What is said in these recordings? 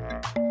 Thank you.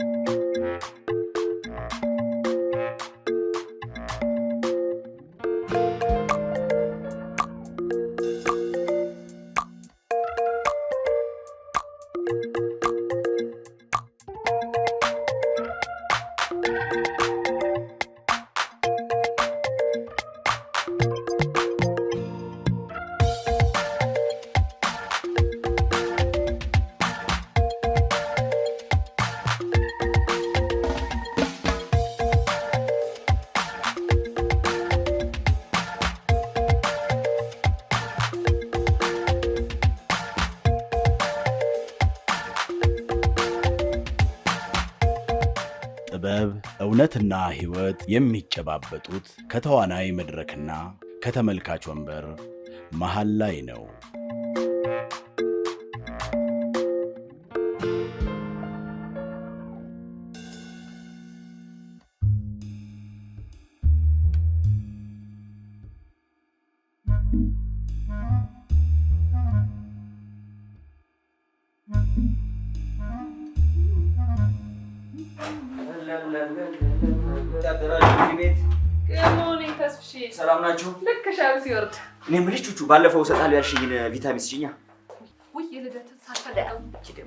እውነትና ሕይወት የሚጨባበጡት ከተዋናይ መድረክና ከተመልካች ወንበር መሃል ላይ ነው። ሲወርድ እኔ የምልሽ ቹቹ ባለፈው እሰጣለሁ ያልሽኝን ቪታሚን ስጪኛ። ውይ የልደት ሳልፈልገው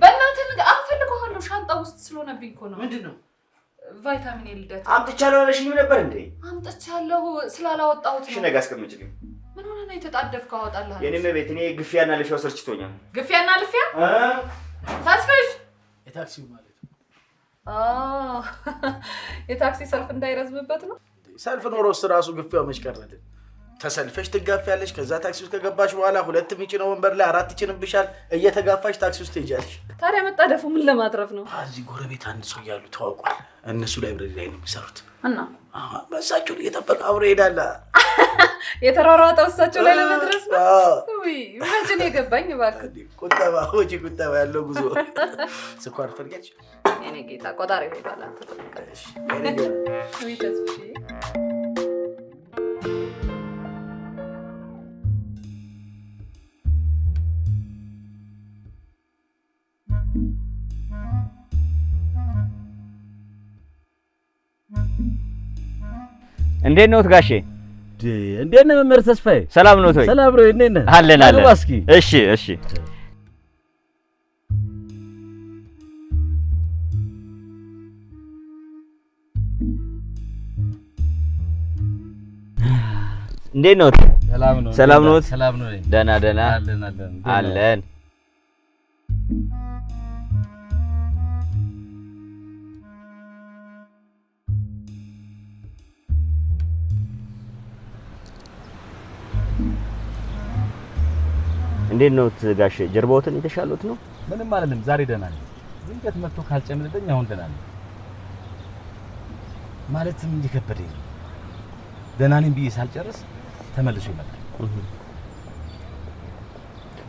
በእናትህ አልፈልገዋለሁ ሻንጣ ውስጥ ስለሆነብኝ እኮ ነው። ምንድን ነው ቫይታሚን የልደት አምጥቻለሁ አለሽኝም ነበር እንዴ? አምጥቻለሁ ስላላወጣሁት ነው። ነገ አስቀምጪልኝ። ምን ሆነ ነው የተጣደፍከው? አወጣልሃለሁ። የእኔም ቤት እኔ ግፊያና ልፊያው ስርችቶኛል። ግፊያና ልፊያ ታስፈሽ የታክሲው ማለት የታክሲ ሰልፍ እንዳይረዝምበት ነው። ሰልፍ ኖሮስ ራሱ ግፊያው መች ቀረልን ተሰልፈሽ ትጋፊያለሽ። ከዛ ታክሲ ውስጥ ከገባሽ በኋላ ሁለት የሚጭነው ወንበር ላይ አራት ይጭንብሻል። እየተጋፋሽ ታክሲ ውስጥ ትሄጃለሽ። ታዲያ መጣደፉ ምን ለማትረፍ ነው? እዚህ ጎረቤት አንድ ሰው እያሉ ተዋውቋል። እነሱ ላይብረሪ ላይ ነው የሚሰሩት እና በእሳቸው እየጠበቀ አብሮ ይሄዳል። የተሯሯጠ እሳቸው ላይ ለመድረስ ነው። መችን የገባኝ እባክህ። ቁጠባ ወጪ ቁጠባ ያለው ጉዞ ስኳር ፈልጋች ኔ ጌታ ቆጣሪ ይባላል እንዴት ነዎት ጋሼ? እንዴት ነህ መምህር ተስፋዬ? ሰላም ነዎት ወይ? ሰላም ነው። እንዴት ነህ? አለን አለን። እሺ እሺ። እንዴት ነው? ሰላም ነው። ሰላም ነዎት? ደህና ደህና አለን አለን። እንዴት ነው ጋሽ? ጀርባዎትን የተሻሉት ነው? ምንም አይደለም። ዛሬ ደህና ነኝ። ድንገት መጥቶ ካልጨምልጠኝ አሁን ደህና ነኝ። ማለትም እየከበደኝ ደህና ነኝ ብዬ ሳልጨርስ ተመልሶ ይመጣል።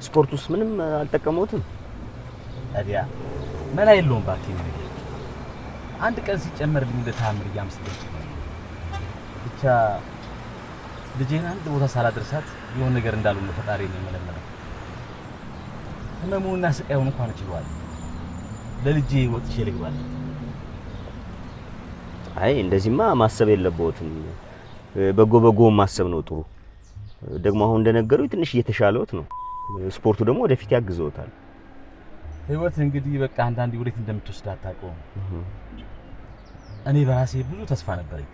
ስፖርት ውስጥ ምንም አልጠቀመውትም። ታዲያ መላ የለውም። ባክቴ አንድ ቀን ሲጨመርልኝ እንደ ተአምር እያመስለኝ ብቻ ልጄን አንድ ቦታ ሳላደርሳት የሆነ ነገር እንዳሉ ፈጣሪ ነው የመለመለው። ህመሙንና ስቃዩን እንኳን ችሏል። ለልጄ ወጥቼ ልግባለት። አይ እንደዚህማ ማሰብ የለብዎትም። በጎ በጎ ማሰብ ነው ጥሩ። ደግሞ አሁን እንደነገሩኝ ትንሽ እየተሻለዎት ነው። ስፖርቱ ደግሞ ወደፊት ያግዘዎታል። ህይወት እንግዲህ በቃ አንዳንዴ ወዴት እንደምትወስድ አታውቀውም። እኔ በራሴ ብዙ ተስፋ ነበረኝ፣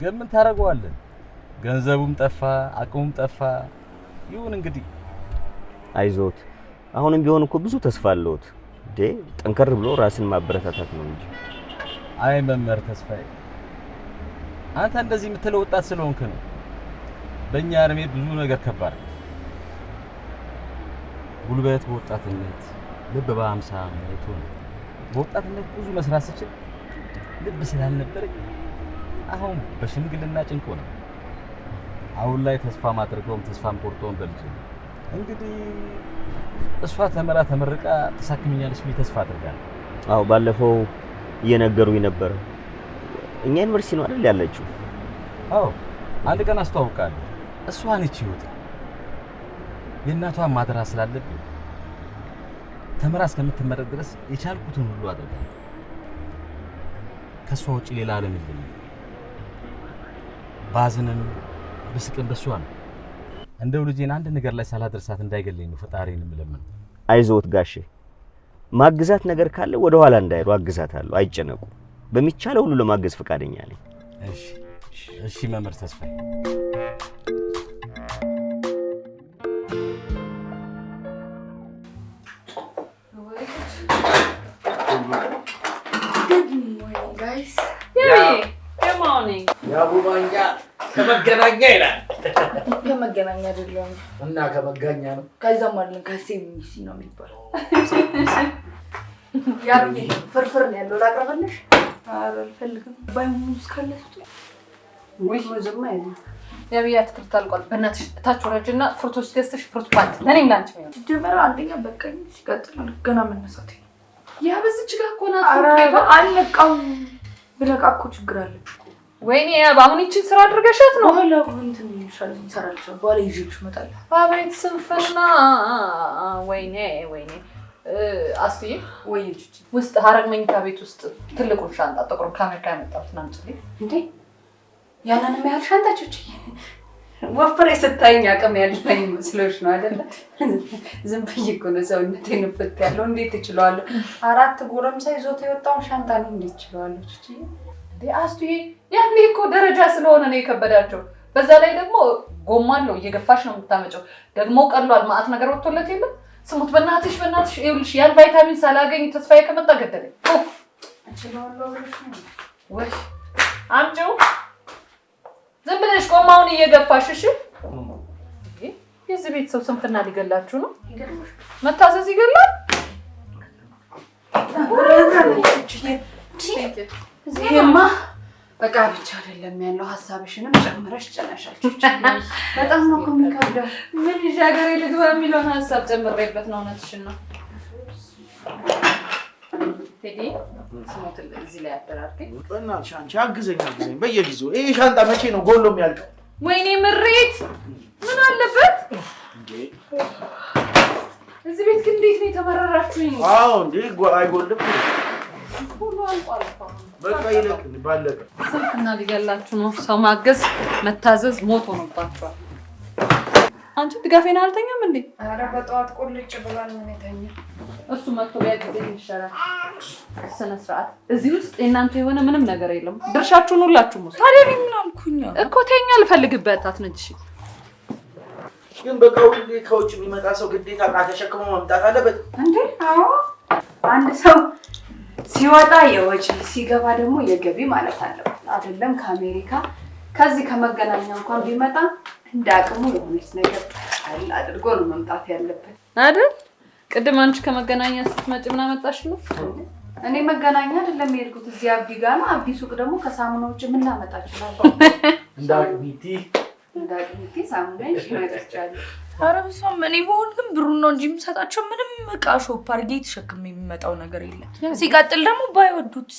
ግን ምን ታደርገዋለን? ገንዘቡም ጠፋ፣ አቅሙም ጠፋ። ይሁን እንግዲህ አይዞት አሁንም ቢሆን እኮ ብዙ ተስፋ አለዎት። እንዴ ጠንከር ብሎ ራስን ማበረታታት ነው እንጂ። አይ መምህር ተስፋዬ፣ አንተ እንደዚህ የምትለው ወጣት ስለሆንክ ነው። በእኛ እድሜ ብዙ ነገር ከባድ ነው። ጉልበት በወጣትነት ልብ በሀምሳ መቶ ነው። በወጣትነት ብዙ መስራት ስችል ልብ ስላልነበረኝ አሁን በሽምግልና ጭንቆ ነው። አሁን ላይ ተስፋ ማድረገውም ተስፋም ቆርጦም በልጅ እንግዲህ እሷ ተመራ ተመርቃ ተሳክመኛለች ብዬ ተስፋ አድርጋለሁ። አዎ ባለፈው እየነገሩኝ ነበር። እኛ ዩኒቨርሲቲ ነው አይደል ያለችው? አዎ አንድ ቀን አስተዋውቃለሁ። እሷ ነች ህይወት። የእናቷን ማድራ ስላለብኝ ተመራ እስከምትመረቅ ድረስ የቻልኩትን ሁሉ አደርጋለሁ። ከእሷ ውጭ ሌላ አለም የለኝም። ባዝንም ብስቅም በሷ ነው። እንደው ልጄን አንድ ነገር ላይ ሳላደርሳት እንዳይገለኝ ነው ፈጣሪን የምለምነው። አይዞት ጋሼ፣ ማግዛት ነገር ካለ ወደ ኋላ እንዳይሉ አግዛታለሁ። አይጨነቁ፣ በሚቻለው ሁሉ ለማገዝ ፈቃደኛ ነኝ። እሺ፣ እሺ መምህር ተስፋዬ ያቡባኛ ከመገናኛ ይላል ከመገናኛ አይደለም እና ከመጋኛ ነው። ከዛም አለን ከሴሚሲ ነው የሚባለው። ያ ፍርፍር ነው ያለው። ላቅርብልሽ? ኧረ አልፈልግም። ባይ ሙዝ ወይ ሙዝማ ያለ የብዬ አትክልት አልቋል። በእናትሽ እታች ወረጅ እና ፍርቶች ገዝተሽ ፍርቱ ባት ለእኔም ላንቺ ነው ጀመረ። አንደኛ በቃኝ፣ ሲቀጥል ገና መነሳት ያ በዝች ጋር ኮና አልነቃውም። ብነቃ እኮ ችግር አለብሽ ወይኔ ያ በአሁን ይችን ስራ አድርገሻት ነው። በኋላ እንትን ይሻል ሰራቸው በኋላ ይዤሽ እመጣለሁ። አቤት ስንፍና! ወይኔ ወይኔ። አስዬ ወይ ውስጥ ሀረግ መኝታ ቤት ውስጥ ትልቁን ሻንጣ ጥቁሩን ከአሜሪካ ያመጣሁትን አምጪልኝ። እንዴ ያንን የሚያህል ሻንጣቾች ወፍሬ ስታይኝ አቅም ያለኝ መስሎሽ ነው አይደለ? ዝም ብዬሽ እኮ ነው ሰውነቴን እፍት ያለው። እንዴት እችለዋለሁ? አራት ጎረምሳ ይዞት የወጣውን ሻንጣ ነው እንዴት እችለዋለሁ? አስቱ ያኔ እኮ ደረጃ ስለሆነ ነው የከበዳቸው። በዛ ላይ ደግሞ ጎማን ነው እየገፋሽ ነው የምታመጨው። ደግሞ ቀሏል ማአት ነገር ወጥቶለት የለም። ስሙት በእናትሽ በእናትሽ ይኸውልሽ፣ ያን ቫይታሚን ሳላገኝ ተስፋዬ ከመጣ ገደለኝ። ወይ አምጪው፣ ዝም ብለሽ ጎማውን እየገፋሽ እሺ። የዚህ ቤተሰብ ስንፍና ሊገላችሁ ነው። መታዘዝ ይገላል። ይሄማ እቃ ብቻ አይደለም ያለው፣ ሀሳብሽንም ጨምረሽ ጭነሻል። በጣም ነው እኮ የሚከብደው። ምን ይዤ ሀገሬ ልግባ የሚለውን ሀሳብ ጨምሬበት ነው። እውነትሽን ነው ቴዲ። እዚህ ላይ አደራርገኝ በእናትሽ አንቺ አግዘኝ አግዘኝ። በየጊዜው ይሄ ሻንጣ መቼ ነው ጎሎ የሚያልቀው? ወይኔ ምሬት! ምን አለበት እዚህ ቤት ግን እንዴት ነው የተመረራችሁኝ? አዎ እንዴ አይጎልም ስልክና ልጅ ነው ሰው ማገዝ መታዘዝ ሞት ሆኖባቸዋል። አንቺ ድጋፌን አልተኛም እንዴ? ኧረ በጠዋት ቁልጭ ብሏል። ምን የተኛ እሱ መቶ ቢያ ጊዜ ይሻላል። ስነ ስርዓት እዚህ ውስጥ የእናንተ የሆነ ምንም ነገር የለም። ድርሻችሁን ሁላችሁም ውስጥ ታዲያ ምን አልኩኝ እኮ ተኛ። አልፈልግበት አትነጅሽ ግን በቃ ሁሌ ከውጭ የሚመጣ ሰው ግዴታ እቃ ተሸክሞ መምጣት አለበት እንዴ? አዎ አንድ ሰው ሲወጣ የወጪ ሲገባ ደግሞ የገቢ ማለት አለው አይደለም። ከአሜሪካ ከዚህ ከመገናኛ እንኳን ቢመጣ እንደ አቅሙ የሆነች ነገር አድርጎ ነው መምጣት ያለበት አይደል? ቅድም አንቺ ከመገናኛ ስትመጪ ምን አመጣሽ ነው? እኔ መገናኛ አይደለም የሄድኩት እዚህ አቢ ጋር ነው። አብዲ ሱቅ ደግሞ ከሳሙና ውጭ ምን ላመጣችሁ ነበር? እንደ አቅሚቲ እንደ አቅሚቲ ሳሙና ይመጣቻለሁ ኧረ በስመ አብ እኔ በሆን ግን ብሩን ነው እንጂ የምሰጣቸው ምንም ዕቃ ሾፕ አድርጌ ተሸክሜ የሚመጣው ነገር የለም። ሲቀጥል ደግሞ ባይወዱት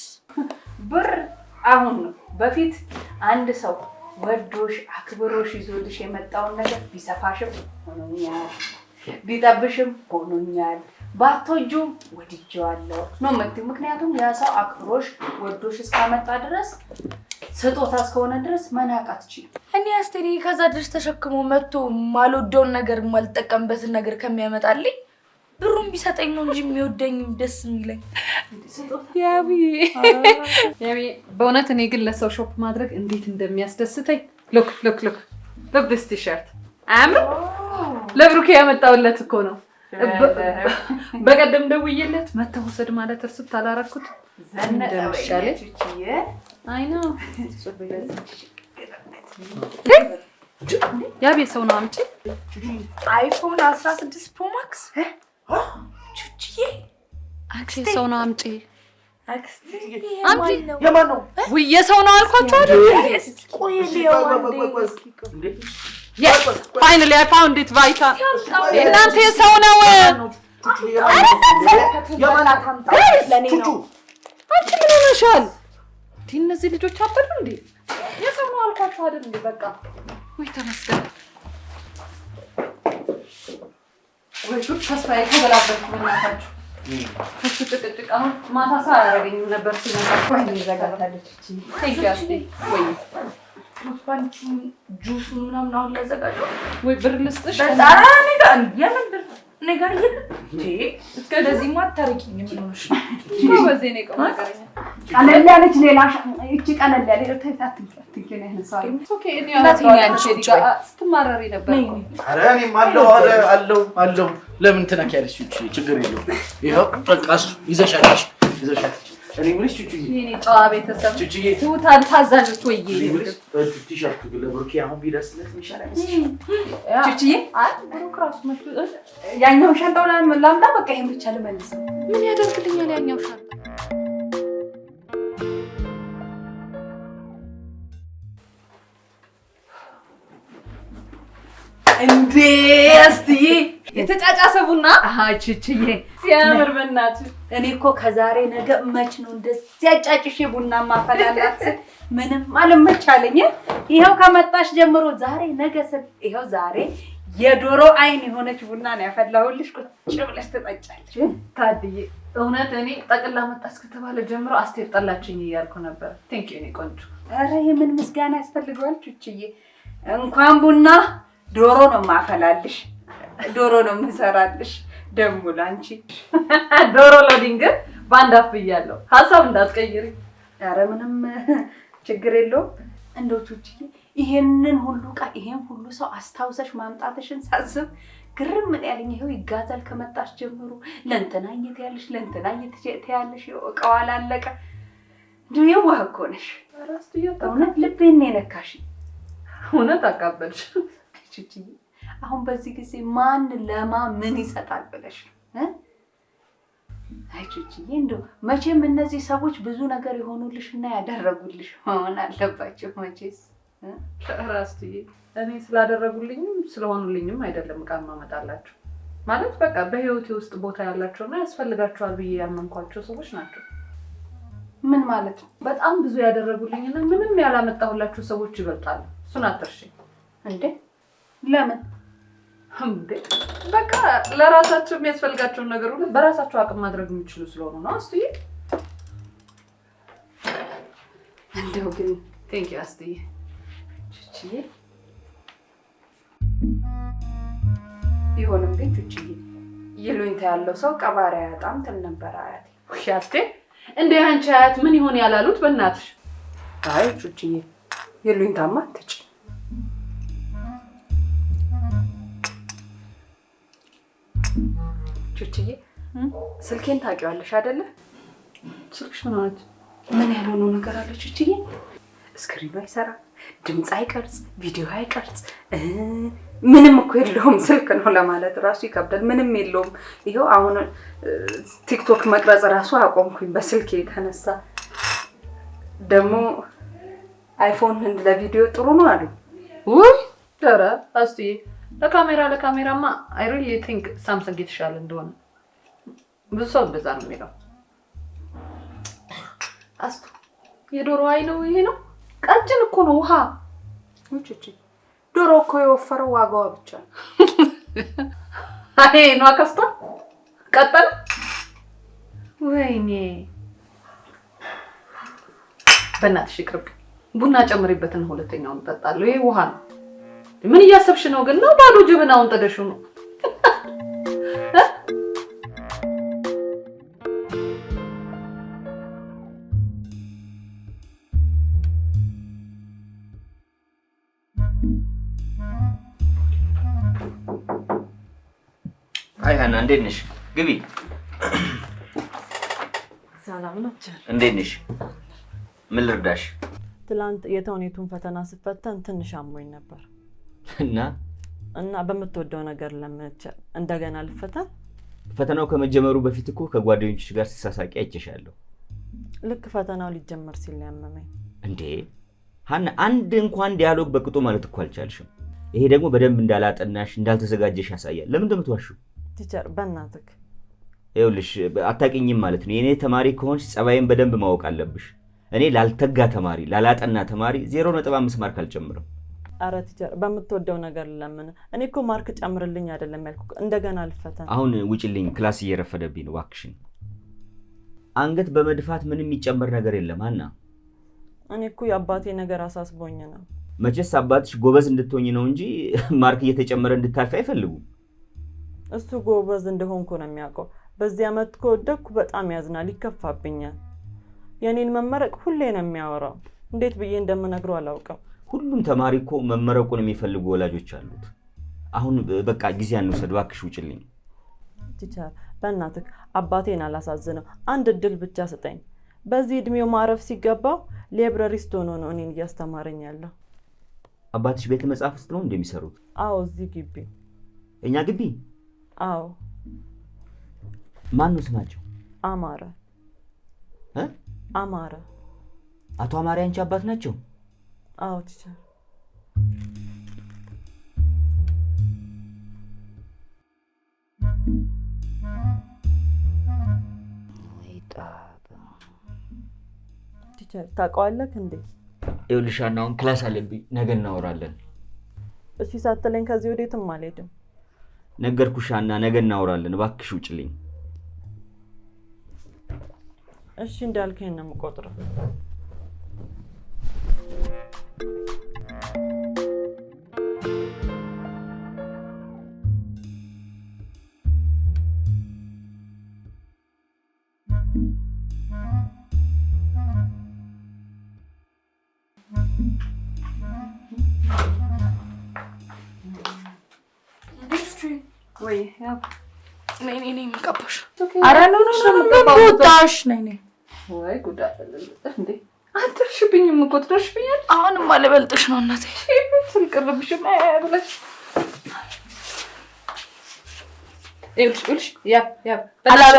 ብር አሁን ነው። በፊት አንድ ሰው ወዶሽ አክብሮሽ ይዞልሽ የመጣውን ነገር ቢሰፋሽም ሆኖኛል፣ ቢጠብሽም ሆኖኛል ባቶጁ ወድጀዋለሁ ነው የምትይው። ምክንያቱም ያ ሰው አክብሮሽ ወዶሽ እስካመጣ ድረስ ስጦታ እስከሆነ ድረስ መናቅ አትችይም። እኔ አስቴሪ ከዛ ድረስ ተሸክሞ መጥቶ ማልወደውን ነገር ማልጠቀምበትን ነገር ከሚያመጣልኝ ብሩም ቢሰጠኝ ነው እንጂ የሚወደኝም ደስ የሚለኝ። ያቢ ያቢ። በእውነት እኔ ግን ለሰው ሾፕ ማድረግ እንዴት እንደሚያስደስተኝ ሎክ ሎክ ሎክ ሎክ ዲስ ቲሸርት አያምርም? ለብሩኬ ያመጣውለት እኮ ነው በቀደም ደውዬለት መተወሰድ ማለት እርስት አላረኩት እንደምሻለች ያ ቤት ሰው ነው። አምጪ አይፎን 16 ፕሮ ማክስ ቹቺዬ ሰው ነው። አምጪ የማን ነው? ውዬ ሰው ነው አልኳቸው አይደል? ፋይናሊ አይ ፋውንድ ኢት ቫይታ እናንተ የሰው ነው። አንቺ ምን ሆነሻል? እነዚህ ልጆች አበዱ እንዴ? የሰው ነው አልኳቸው አይደል? እንዴ በቃ ወይ ተመስገን። ማታ ሰው አያደርገኝም ነበር ጁስ ጁሱን ምናምን አሁን ላዘጋጀው ወይ ብር ልስጥሽ? የምን ብር እኔ ጋር እንደዚህማ አታርቂኝ። ቀለል ያለች ሌላ እቺ ቀለል ያለ ስትማረሪ ነበር። አለው አለው ለምን ትነኪያለሽ? ችግር የለውም። ይኸው በቃ እሱ ይዘሻለሽ ይዘሻለሽ الانجليش تشجي يعني قابي تسم تشجي تو تان تازل تو يجي الانجليش تشتي شاكو كل بركي عم بيرس لك مش على تشجي بروكراس ما ያኛው ሻንጣው ላምጣ በቃ ይሄን ብቻ ልመልስ። ምን ያደርግልኛል ያኛው ሻንጣ? እንዴ አስትዬ የተጫጫሰ ቡና ችችዬ ሲያምር በናት። እኔ እኮ ከዛሬ ነገ መች ነው እንደዚህ ያጫጭሽ ቡና ማፈላላት ምንም አልመች አለኝ። ይኸው ከመጣሽ ጀምሮ ዛሬ ነገ ስል ይኸው ዛሬ የዶሮ አይን የሆነች ቡና ነው ያፈላሁልሽ። ቁጭ ብለሽ ትጠጫለሽ። ታድዬ እውነት እኔ ጠቅላ መጣ እስከተባለ ጀምሮ አስቴር ጠላችኝ እያልኩ ነበር። ቴንክ ዩ እኔ ቆንጆ። ኧረ የምን ምስጋና ያስፈልገዋል ችችዬ። እንኳን ቡና ዶሮ ነው ማፈላልሽ ዶሮ ነው የምንሰራልሽ። ደግሞ ላንቺ ዶሮ ለድንገት በአንድ አፍ ብያለሁ። ሀሳብ እንዳትቀይሪ። ኧረ ምንም ችግር የለውም። እንደው ቹቺዬ ይሄንን ሁሉ ዕቃ ይሄን ሁሉ ሰው አስታውሰሽ ማምጣትሽን ሳስብ ግርም ምን ያለኝ ይኸው ይጋዛል ከመጣሽ ጀምሮ ለእንትና ያለሽ ለእንትና እየተያለሽ እቃው አላለቀ። እንዲሁ የዋህ እኮ ነሽ። እውነት ልቤን የነካሽ። እውነት አቃበልሽ ቹቺዬ አሁን በዚህ ጊዜ ማን ለማ ምን ይሰጣል ብለሽ ነው? አይቾችዬ እንደው መቼም እነዚህ ሰዎች ብዙ ነገር የሆኑልሽ እና ያደረጉልሽ መሆን አለባቸው። መቼስ ራስዬ እኔ ስላደረጉልኝም ስለሆኑልኝም አይደለም ዕቃ ማመጣላችሁ ማለት በቃ በህይወቴ ውስጥ ቦታ እና ያስፈልጋቸዋል ብዬ ያመንኳቸው ሰዎች ናቸው። ምን ማለት ነው? በጣም ብዙ ያደረጉልኝና ምንም ያላመጣሁላችሁ ሰዎች ይበልጣሉ። እሱን አትርሺ እንዴ! ለምን በቃ ለራሳቸው የሚያስፈልጋቸውን ነገር ሁሉ በራሳቸው አቅም ማድረግ የሚችሉ ስለሆኑ ነው። አስትዬ እንደው ግን ቴንኪው አስትዬ። ቢሆንም ግን ቹችዬ ይሉኝታ ያለው ሰው ቀባሪ አያጣም ትል ነበር አያቴ። ውይ አስቴ፣ እንደ አንቺ አያት ምን ይሆን ያላሉት በእናትሽ። አይ ቹችዬ ይሉኝታማ ትጭ ቹችዬ ስልኬን ታውቂዋለሽ አይደለ? ስልክሽ ማለት ምን ያልሆነው ነገር አለ ቹችዬ? እስክሪኑ አይሰራ፣ ድምፅ አይቀርጽ፣ ቪዲዮ አይቀርጽ፣ ምንም እኮ የለውም። ስልክ ነው ለማለት ራሱ ይከብዳል። ምንም የለውም። ይኸው አሁን ቲክቶክ መቅረጽ ራሱ አቆምኩኝ በስልክ የተነሳ። ደግሞ አይፎን ለቪዲዮ ጥሩ ነው አሉ። ውይ ኧረ አስዬ ለካሜራ ለካሜራማ አይ ሪሊ ቲንክ ሳምሰንግ የተሻለ እንደሆነ ብዙ ሰው እንደዛ ነው የሚለው። አስቱ የዶሮ አይ ነው ይሄ ነው። ቀጭን እኮ ነው ውሃ ምጭጭ ዶሮ እኮ የወፈረው ዋጋዋ ብቻ አይ ነው አከስቷ ቀጠል ወይኔ በእናትሽ ይቅርብ። ቡና ጨምሪበትን ሁለተኛውን እጠጣለሁ። ይሄ ውሃ ነው። ምን እያሰብሽ ነው ግን? ነው ባዶ ጀበናውን ጥደሽው ነው? አይ ሀና፣ እንዴት ነሽ? ግቢ። ሰላም ናቸው። እንዴት ነሽ? ምን ልርዳሽ? ትላንት የተውኔቱን ፈተና ስፈተን ትንሽ አሞኝ ነበር። እና እና በምትወደው ነገር ለምች እንደገና ልፈተን። ፈተናው ከመጀመሩ በፊት እኮ ከጓደኞች ጋር ሲሳሳቂ አይቼሻለሁ። ልክ ፈተናው ሊጀመር ሲል ያመመኝ። እንዴ ሀና፣ አንድ እንኳን ዲያሎግ በቅጡ ማለት እኮ አልቻልሽም። ይሄ ደግሞ በደንብ እንዳላጠናሽ እንዳልተዘጋጀሽ ያሳያል። ለምን ነው ቲቸር በእናትህ ይኸውልሽ፣ አታውቂኝም ማለት ነው። የእኔ ተማሪ ከሆንሽ ጸባይን በደንብ ማወቅ አለብሽ። እኔ ላልተጋ ተማሪ ላላጠና ተማሪ ዜሮ ነጥብ አምስት ማርክ አልጨምርም። አረ ቲቸር በምትወደው ነገር ለምን እኔ እኮ ማርክ ጨምርልኝ አይደለም ያልኩ እንደገና ልፈተን አሁን ውጭልኝ ክላስ እየረፈደብኝ ነው እባክሽን አንገት በመድፋት ምንም የሚጨመር ነገር የለም አና እኔ እኮ የአባቴ ነገር አሳስቦኝ ነው መቼስ አባትሽ ጎበዝ እንድትሆኝ ነው እንጂ ማርክ እየተጨመረ እንድታልፍ አይፈልጉም እሱ ጎበዝ እንደሆንኩ ነው የሚያውቀው በዚህ ዓመት ከወደኩ በጣም ያዝናል ይከፋብኛል የእኔን መመረቅ ሁሌ ነው የሚያወራው እንዴት ብዬ እንደምነግረው አላውቅም ሁሉም ተማሪ እኮ መመረቁን የሚፈልጉ ወላጆች አሉት። አሁን በቃ ጊዜ አንውሰድ እባክሽ፣ ውጭልኝ። ቲቸር በእናትህ አባቴን አላሳዝነው፣ አንድ እድል ብቻ ስጠኝ። በዚህ እድሜው ማረፍ ሲገባው ሌብረሪስት ሆኖ ነው እኔን እያስተማረኝ ያለው። አባትሽ ቤተ መጽሐፍ ውስጥ ነው እንደሚሰሩት? አዎ፣ እዚህ ግቢ፣ እኛ ግቢ። አዎ። ማን ነው ስማቸው? አማረ። አማረ። አቶ አማሪ አንቺ አባት ናቸው? 아우 진짜. ቲቸር ታውቀዋለህ እንዴ? ይኸውልሽ ሀና አሁን ክላስ አለብኝ፣ ነገ እናወራለን። እሺ ሳትለኝ ከዚህ ወዴትም አልሄድም። ነገርኩሽ ሀና፣ ነገ እናወራለን። እባክሽ ውጭልኝ። እሺ እንዳልከኝ ነው የምቆጥረው። ወይ የሚቀባሽ አረጣሽ አትርሽብኝም እኮ ትደርሽብኛለሽ። አሁንም አለበልጥሽ ነው እናቴ ስልቅርብሽም ብለሽ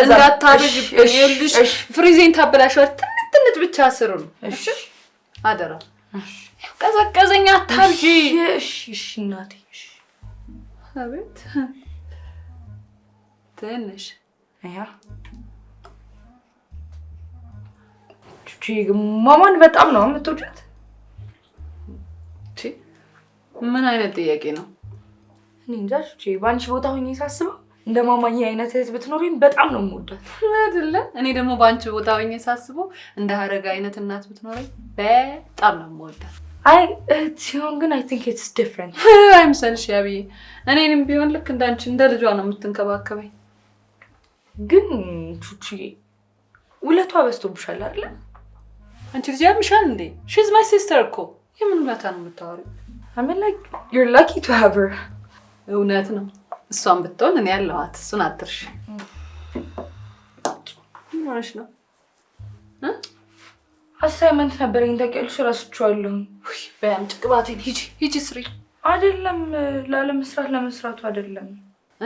እንዳታብዥብሽ ፍሪዜን ታበላሽዋል። ትንሽ ትንሽ ብቻ ስሩ ነው አደራ። ቀዘቀዘኛ አታብዥ። እሺ እናቴ። አቤት ትንሽ ማማን በጣም ነው የምትወዱት? ምን አይነት ጥያቄ ነው? እኔ እንጃ። ቹቺ በአንቺ ቦታ ሆኜ ሳስበው እንደ ማማዬ አይነት እህት ብትኖሪም በጣም ነው የምወዳት አይደለ? እኔ ደግሞ በአንቺ ቦታ ሆኜ ሳስበው እንደ ሀረግ አይነት እናት ብትኖረኝ በጣም ነው የምወዳት። አይ እህት ሲሆን ግን አይ ቲንክ ኢትስ ዲፍረንት አይምሰልሽ ያብዬ። እኔንም ቢሆን ልክ እንዳንቺ እንደ ልጇ ነው የምትንከባከበኝ ግን ቹቹዬ ውለቷ በዝቶብሻል አይደለ? አንቺ ልጅ ያምሻል እንዴ? ሺዝ ማይ ሲስተር እኮ የምን ውለታ ነው የምታወሪው? ዩር ላኪ ቱ ሃቭ ሄር። እውነት ነው እሷን ብትሆን እኔ ያለዋት እሱን አትርሽ። ምን ሆነሽ ነው? አሳይመንት ነበረኝ ታውቂያለሽ፣ እረስቼዋለሁ። በያምጭ ቅባቴን ሂጂ ሂጂ ስሪ። አይደለም ላለመስራት ለመስራቱ አይደለም።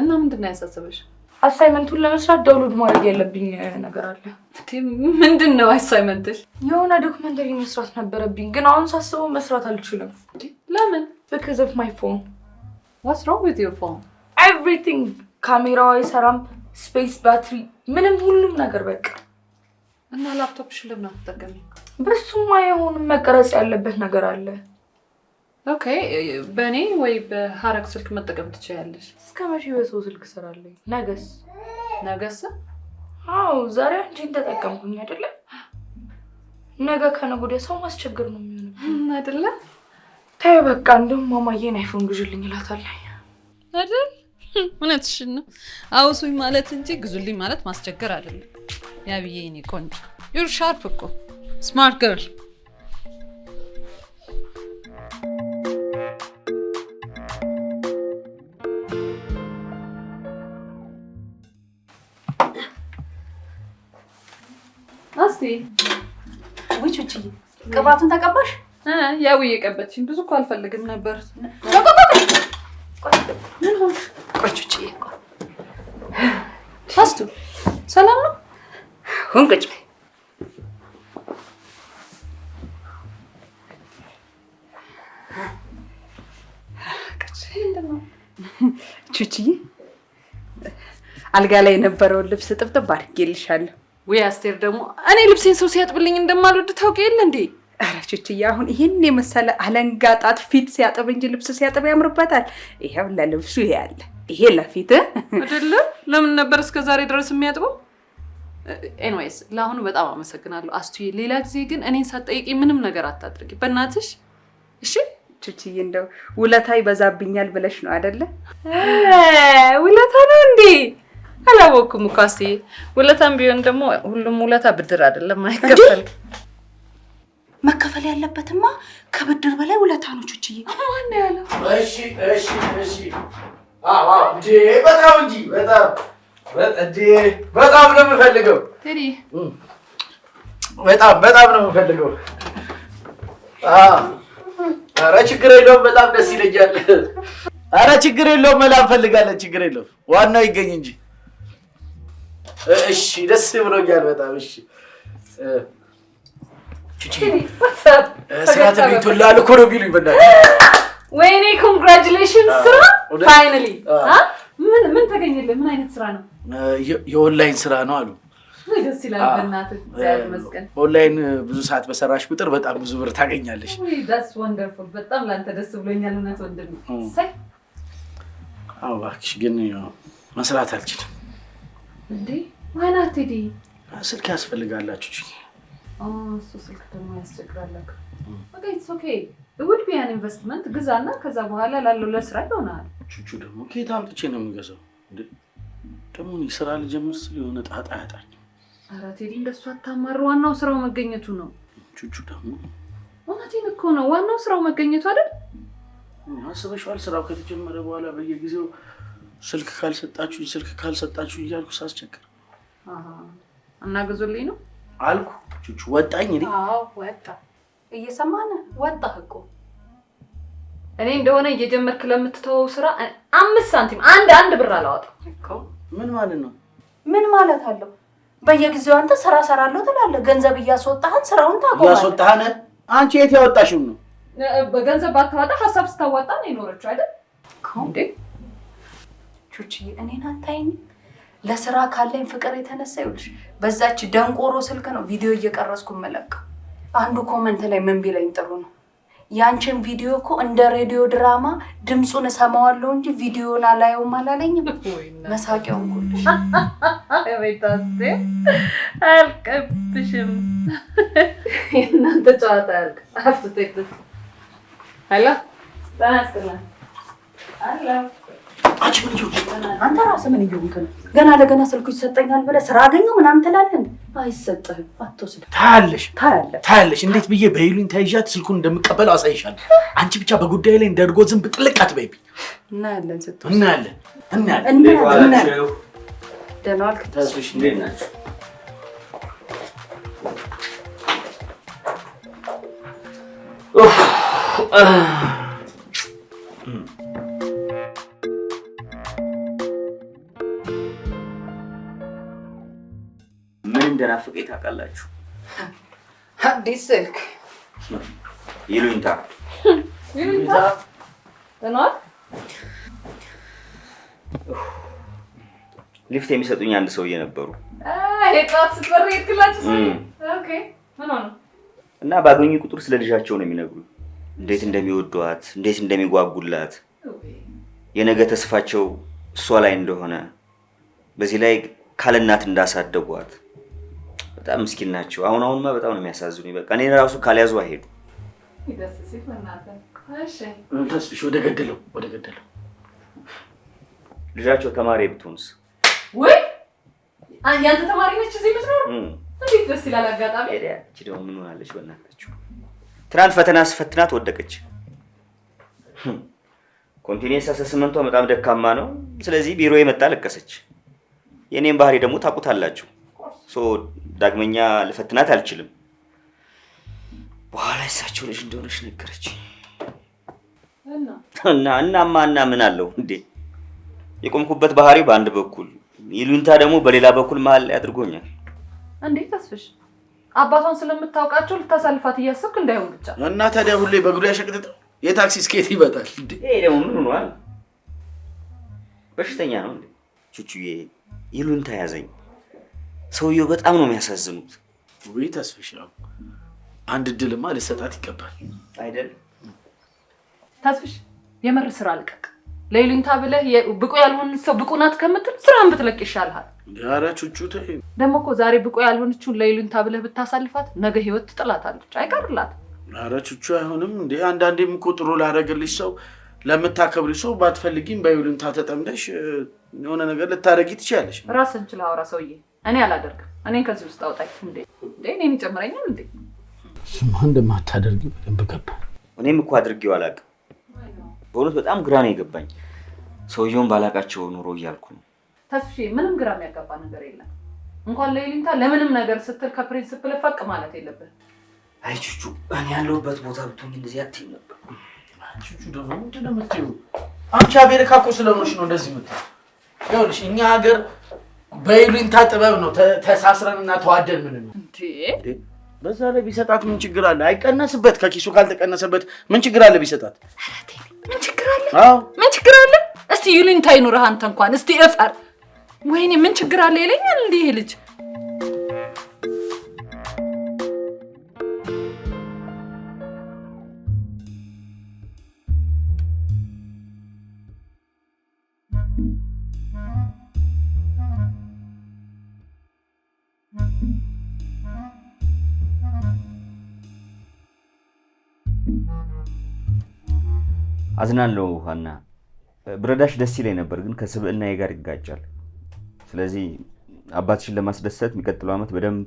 እና ምንድን ነው ያሳሰበሽ? አሳይመንቱን ለመስራት ዳውንሎድ ማድረግ ያለብኝ ነገር አለ። ምንድን ነው አሳይመንትሽ? የሆነ ዶክመንተሪ መስራት ነበረብኝ፣ ግን አሁን ሳስበው መስራት አልችልም። ለምን? ቢኮዝ ኦፍ ማይ ፎን። ዋትስ ሮንግ ዊዝ ዮር ፎን? ኤቭሪቲንግ። ካሜራው አይሰራም፣ ስፔስ፣ ባትሪ፣ ምንም ሁሉም ነገር በቃ። እና ላፕቶፕሽ ለምን አትጠቀሚም? በሱማ የሆኑ መቀረጽ ያለበት ነገር አለ ኦኬ፣ በእኔ ወይ በሀረግ ስልክ መጠቀም ትችያለሽ። እስከ መቼ በሰው ስልክ ስራለኝ? ነገስ ነገስ? አዎ ዛሬ አንቺን ተጠቀምኩኝ አይደለ? ነገ ከነገ ወዲያ ሰው ማስቸገር ነው የሚሆነው አይደለ? ተይ በቃ እንደውም ማማዬን አይፎን ግዥልኝ እላታለሁ አይደል? እውነትሽን ነው። አውሱኝ ማለት እንጂ ግዙልኝ ማለት ማስቸገር አይደለም። ያ ብዬ የእኔ ቆንጆ ዩር ሻርፕ እኮ ስማርት ገርል ውጭ ቅባቱን ተቀባሽ? ያው እየቀበችኝ ብዙ እኮ አልፈልግም ነበር። ሰላም ነው ሁንቅጭ ቹችዬ አልጋ ላይ የነበረውን ልብስ ጥብጥብ አድርጌልሻለሁ። ወይ አስቴር ደግሞ እኔ ልብሴን ሰው ሲያጥብልኝ እንደማልወድ ታውቂ የለ እንዴ? ኧረ ችችዬ አሁን ይህን የመሰለ አለንጋጣት ፊት ሲያጥብ እንጂ ልብስ ሲያጥብ ያምርበታል። ይሄው ለልብሱ ይሄ አለ፣ ይሄ ለፊት አይደለም። ለምን ነበር እስከ ዛሬ ድረስ የሚያጥበው? ኤንዌይስ ለአሁኑ በጣም አመሰግናለሁ አስቱዬ። ሌላ ጊዜ ግን እኔን ሳትጠይቂ ምንም ነገር አታድርጊ በእናትሽ እሺ። ችችዬ እንደው ውለታ ይበዛብኛል ብለሽ ነው አይደለ? ውለታ ነው እንዴ? አላወኩም እኮ አስዬ። ውለታም ቢሆን ደግሞ ሁሉም ውለታ ብድር አይደለም አይከፈል። መከፈል ያለበትማ ከብድር በላይ ውለታ ነው ቹችዬ። ማነው ያለው? እሺ እሺ እሺ። አዎ እንዴ! በጣም እንጂ በጣም በጣም ነው የምፈልገው። በጣም በጣም ነው የምፈልገው። አረ ችግር የለውም። በጣም ደስ ይለኛል። አረ ችግር የለውም። መላ እንፈልጋለን። ችግር የለውም። ዋናው ይገኝ እንጂ እሺ፣ ደስ ብሎኛል በጣም እሺ። ስራ ተገኝቶልሃል ላልኮ ነው ቢሉኝ ወይኔ ኮንግራጁሌሽን ስራ ፋይናሊ ምን ምን ተገኘልህ? ምን አይነት ስራ ነው? የኦንላይን ስራ ነው አሉ። ደስ ይላል። በእናትህ ኦንላይን ብዙ ሰዓት በሰራሽ ቁጥር በጣም ብዙ ብር ታገኛለሽ። ዳስ ወንደርፉል። በጣም ለአንተ ደስ ብሎኛል። እውነት ወንድም ነው። እባክሽ ግን መስራት አልችልም እንዴ ዋና ቴዲ ስልክ ያስፈልጋላችሁ እሱ ስልክ ደግሞ ያስቸግራላችሁ። ኦኬ እሑድ ቢያን ኢንቨስትመንት ግዛና ከዛ በኋላ ላለው ለስራ ይሆናል። ቹቹ ደግሞ ከየት አምጥቼ ነው የሚገዛው? ደግሞ ስራ ልጀምር ስል የሆነ ጣጣ ያጣኝ። ኧረ ቴዲ እንደሱ አታማር፣ ዋናው ስራው መገኘቱ ነው። ቹቹ ደግሞ እውነቴን እኮ ነው፣ ዋናው ስራው መገኘቱ አይደል? አስበሽዋል? ስራው ከተጀመረ በኋላ በየጊዜው ስልክ ካልሰጣችሁኝ ስልክ ካልሰጣችሁኝ እያልኩ ሳስቸግር እና ግዙልኝ ነው አልኩ። ቹቹ ወጣኝ። እኔ ወጣ እየሰማነ ወጣ እኮ እኔ እንደሆነ እየጀመርክ ለምትተወው ስራ አምስት ሳንቲም አንድ አንድ ብር አላወጣም። ምን ማለት ነው? ምን ማለት አለው? በየጊዜው አንተ ስራ ሰራለሁ ትላለህ። ገንዘብ እያስወጣህን ስራውን ታቆማለህ። እያስወጣህን አንቺ የት ያወጣሽው ነው? በገንዘብ ባታወጣ ሀሳብ ስታዋጣ ነው የኖረችው አይደል እንዴ? ቹችዬ እኔን አታይኝ። ለስራ ካለኝ ፍቅር የተነሳ ይኸውልሽ በዛች ደንቆሮ ስልክ ነው ቪዲዮ እየቀረጽኩ የምለቀው። አንዱ ኮመንት ላይ ምን ቢለኝ ጥሩ ነው ያንቺን ቪዲዮ እኮ እንደ ሬዲዮ ድራማ ድምፁን እሰማዋለሁ እንጂ ቪዲዮን አላየውም አላለኝም። መሳቂያው አልቀብሽም። እናንተ ጨዋታ ያልቅ አፍቶ ሀፍቶ ቴክስ አንቺ ምን ይሁን አንተ ራስህ ምን ገና ለገና ስልኩ ይሰጠኛል ብለህ ስራ አገኘው ምናምን ትላለህ። አይሰጥህም፣ ታያለሽ፣ ታያለሽ። እንዴት ብዬ በይሉኝ ተይዣት ስልኩን እንደምቀበለው አሳይሻለሁ። አንቺ ብቻ በጉዳይ ላይ እንደርጎ ዝም ጥልቅ አትበይብኝ። እናያለን፣ ስትወስድ እናያለን፣ እናያለን፣ እናያለን። ደህና ዋልክ እንዴት ናቸው? ናፍቄ ታውቃላችሁ። አዲስ ስልክ ይሉኝታ ይሉኝታ ሊፍት የሚሰጡኝ አንድ ሰውዬ ነበሩ እና ባገኙ ቁጥር ስለ ልጃቸው ነው የሚነግሩ እንዴት እንደሚወዷት፣ እንዴት እንደሚጓጉላት፣ የነገ ተስፋቸው እሷ ላይ እንደሆነ በዚህ ላይ ካለናት እንዳሳደጓት በጣም ምስኪን ናቸው። አሁን አሁንማ በጣም ነው የሚያሳዝኑ። በቃ እኔ ራሱ ካልያዙ አይሄዱ። ወደ ገደለው ወደ ገደለው ልጃቸው ተማሪ ብትሆንስ? ወይ ያንተ ተማሪ ነች እዚህ የምትኖር እንዴት ደስ ይላል። አጋጣሚ እቺ ደግሞ ምን ሆናለች? በእናታችሁ ትናንት ፈተና ስፈትናት ወደቀች። ኮንቲኔንስ አሰስመንቷ በጣም ደካማ ነው። ስለዚህ ቢሮ የመጣ ለቀሰች። የእኔም ባህሪ ደግሞ ታውቁታላችሁ። ሶ ዳግመኛ ልፈትናት አልችልም። በኋላ እሳቸው ልጅ እንደሆነች ነገረች እና እናማ እና ምን አለው እንዴ የቆምኩበት ባህሪ በአንድ በኩል ይሉኝታ ደግሞ በሌላ በኩል መሀል ላይ አድርጎኛል። እንዴ ተስፍሽ አባቷን ስለምታውቃቸው ልታሳልፋት እያሰብክ እንዳይሆን ብቻ እና ታዲያ ሁሌ በእግሩ ያሸቅጥጥ የታክሲ ስኬት ይበጣል። ይሄ ደግሞ ምን ሆኗል? በሽተኛ ነው እንዴ ቹቹዬ? ይሉኝታ ያዘኝ ሰውየው በጣም ነው የሚያሳዝኑት። ወይ ተስፍሽ አንድ እድልማ ልሰጣት ይገባል አይደል? ተስፍሽ የምር ስራ ልቀቅ። ለይሉኝታ ብለህ ብቁ ያልሆን ሰው ብቁ ናት ከምትል ስራን ብትለቅ ይሻልሃል። ኧረ ቹቹ ተይ። ደግሞ እኮ ዛሬ ብቁ ያልሆነችውን ለይሉኝታ ብለህ ብታሳልፋት ነገ ህይወት ትጥላታለች፣ አይቀርላት። ኧረ ቹቹ አይሆንም እንዴ! አንዳንዴም እኮ ጥሩ ላደረግልሽ ሰው ለምታከብሪ ሰው ባትፈልጊም በይሉኝታ ተጠምደሽ የሆነ ነገር ልታደርጊ ትችያለሽ። ራስ እንችል አውራ ሰውዬ እኔ አላደርግም። እኔን ከዚህ ውስጥ አውጣኝ። እንዴ እንዴ እኔን ይጨምረኛል እንዴ? እሱማ እንደማታደርጊ በደንብ ገባ። እኔም እኮ አድርጌው አላውቅም። በእውነት በጣም ግራ ነው የገባኝ። ሰውየውን ባላውቃቸው ኑሮ እያልኩ ነው። ተስፋዬ ምንም ግራ የሚያጋባ ነገር የለም። እንኳን ለይሊንታ ለምንም ነገር ስትል ከፕሪንስፕል ፈቅ ማለት የለብን። አይ ቹቹ፣ እኔ ያለሁበት ቦታ ብትሆኝ እንደዚህ አትይም ነበር። ቹቹ ደግሞ ምንድን ነው የምትይው? አንቺ አሜሪካ እኮ ስለሆነሽ ነው እንደዚህ የምትይው። ይኸውልሽ እኛ ሀገር በይሉኝታ ጥበብ ነው ተሳስረንና ተዋደን። ምን ነው በዛ ላይ ቢሰጣት ምን ችግር አለ? አይቀነስበት። ከኪሱ ካልተቀነሰበት ምን ችግር አለ? ቢሰጣት ምን ችግር አለ? ምን ችግር አለ? እስቲ ይሉኝታ ይኑርህ አንተ እንኳን እስቲ እፈር። ወይኔ ምን ችግር አለ ይለኛል እንዲህ ልጅ አዝናለሁ ሀና፣ ብረዳሽ ደስ ይለኝ ነበር፣ ግን ከስብዕና ጋር ይጋጫል። ስለዚህ አባትሽን ለማስደሰት የሚቀጥለው ዓመት በደንብ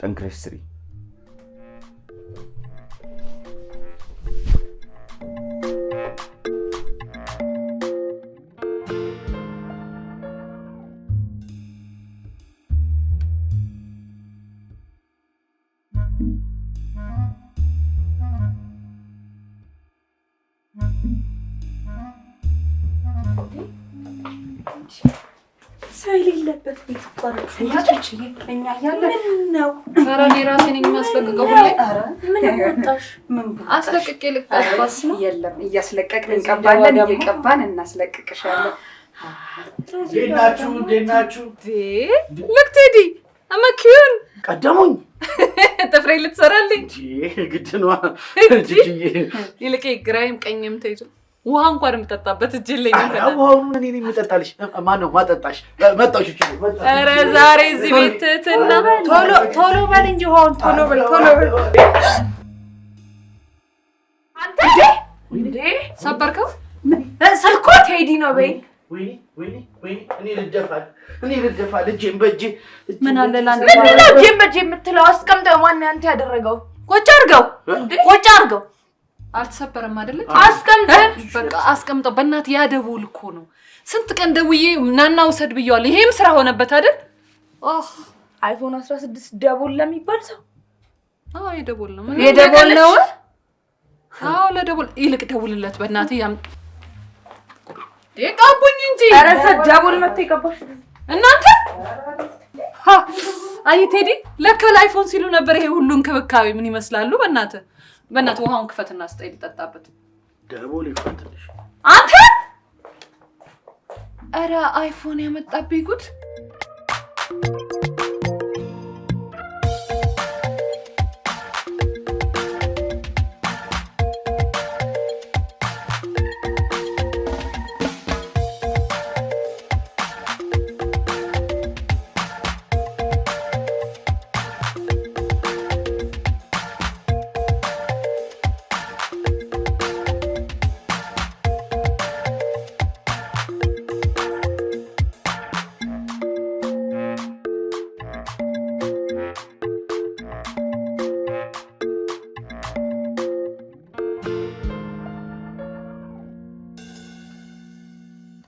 ጠንክረሽ ስሪ። ማርችዬ እኛ እያለን ነው። ኧረ እኔ ራሴ ነኝ የማስለቅቀው። አስለቅቄ ልቀባስ ነው። የለም እያስለቀቅን እንቀባለን፣ እየቀባን እናስለቅቅሻለን። ልክ ቴዲ እመኪውን ቀደሙኝ። ጥፍሬ ልትሰራልኝ ግድ ነዋ። ይልቅ ግራይም ቀኝም ተይዞ ውሃ እንኳን የምጠጣበት እጅ ላይ ውሃውን እኔ የምጠጣልሽ ማነው? ማጠጣሽ ኧረ ዛሬ እዚህ ቤት ትህትና ቶሎ በል እንጂ ውሃውን ቶሎ በል ቶሎ በል። እንዴ ሰበርከው? ስልኮ ቴዲ ነው በይ። ምን አለ ለአንድ እጄን በእጄ የምትለው አስቀምጠው። ማነው ያንተ ያደረገው? ቆጭ አድርገው፣ ቆጭ አድርገው አልተሰበረም አይደለም? አስቀምጠን በቃ አስቀምጠው። በእናትህ ያ ደውል እኮ ነው። ስንት ቀን ደውዬ ናና ውሰድ ብየዋለሁ። ይሄም ስራ ሆነበት አይደል? አይፎን 16 ደቦል ለሚባል ሰው አዎ፣ የደቦል ነው የደቦል ነው። አዎ፣ ለደቦል ይልቅ ደውልለት በእናትህ። ያም የቀቡኝ እንጂ ኧረ ሰ- ደቦል መጥቶ የቀባሽ እናንተ። አይ ቴዲ፣ ለካ ለአይፎን ሲሉ ነበር ይሄ ሁሉ እንክብካቤ። ምን ይመስላሉ በእናትህ በእናት ውሃውን ክፈትና ስጠኝ ልጠጣበት። ደቦ ሊፈትልሽ አንተ። ኧረ አይፎን ያመጣብኝ ጉድ